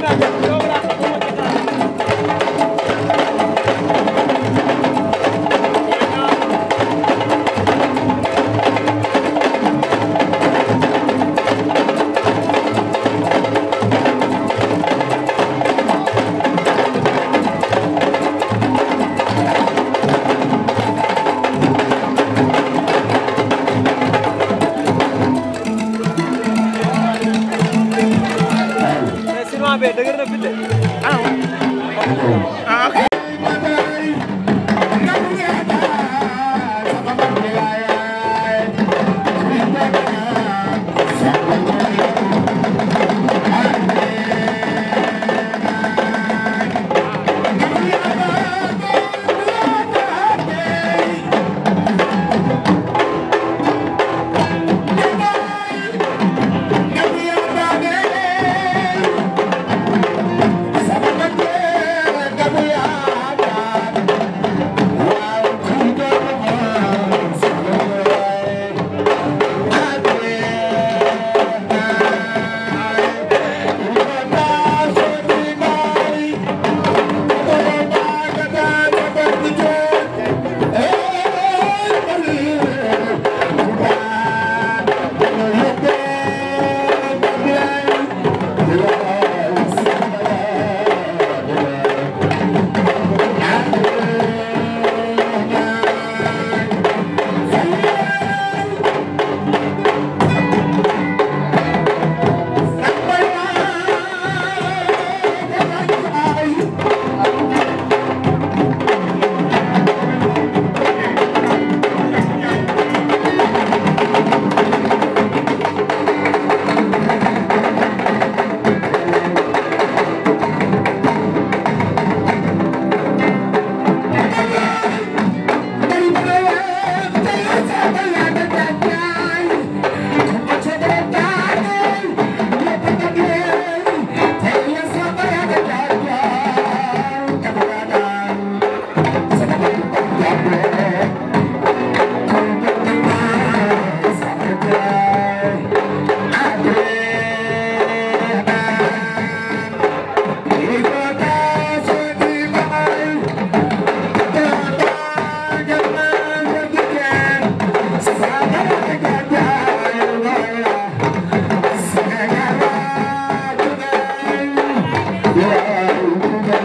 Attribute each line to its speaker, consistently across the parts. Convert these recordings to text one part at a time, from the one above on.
Speaker 1: lañ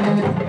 Speaker 1: Thank you.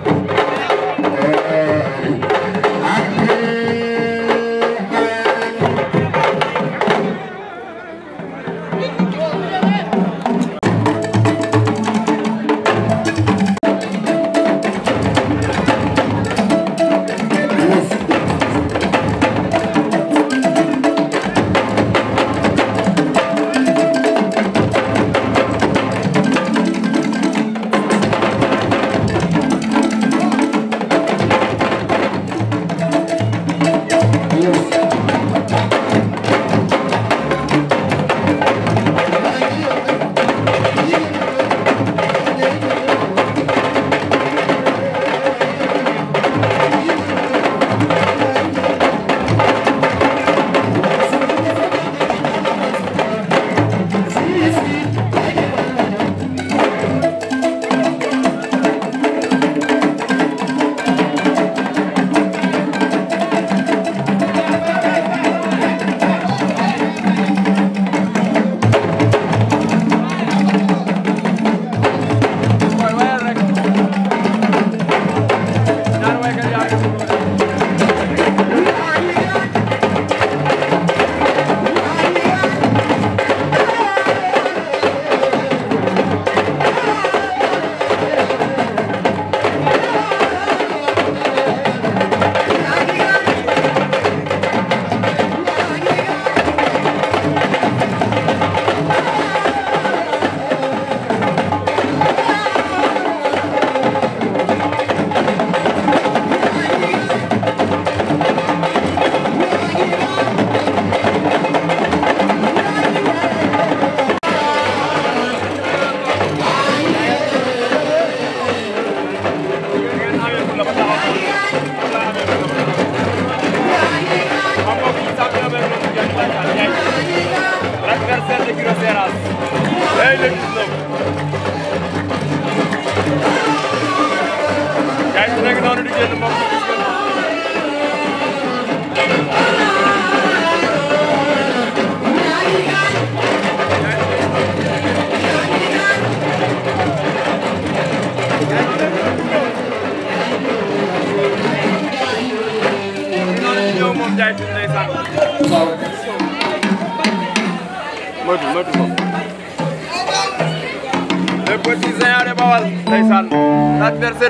Speaker 1: 59.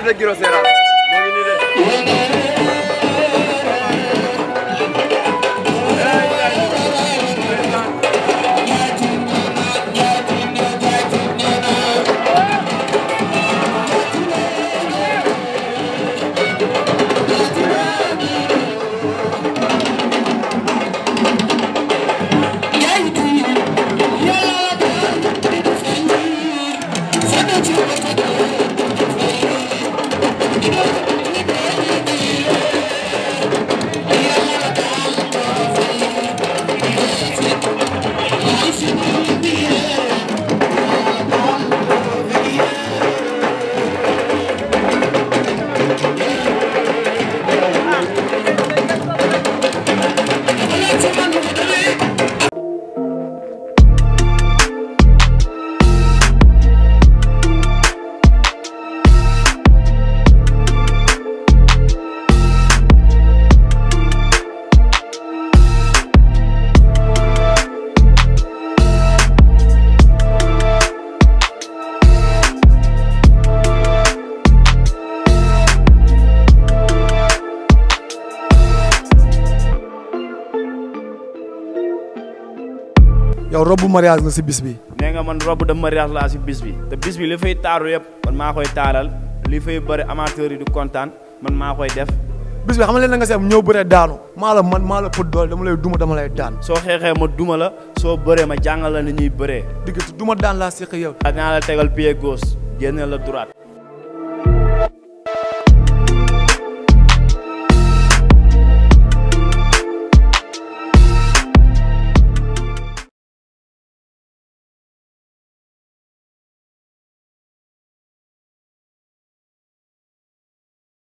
Speaker 1: a Guiro Seras yow robu mariage nga si bis bi. nee nga man robu de mariage laa si bis bi te bis bi li fay taaru yépp man maa koy taaral li fay bëri amateurs yi du kontaan man maa koy def. bis bi xam leen na nga seet ñëw bëree daanu maa la man maa la pët doole dama lay duma dama lay daan soo xeexee ma duma la soo baree ma jàngal la ni ñuy bëree digg duma daan laa séq yow. dinaa la tegal pied gauche génne la droite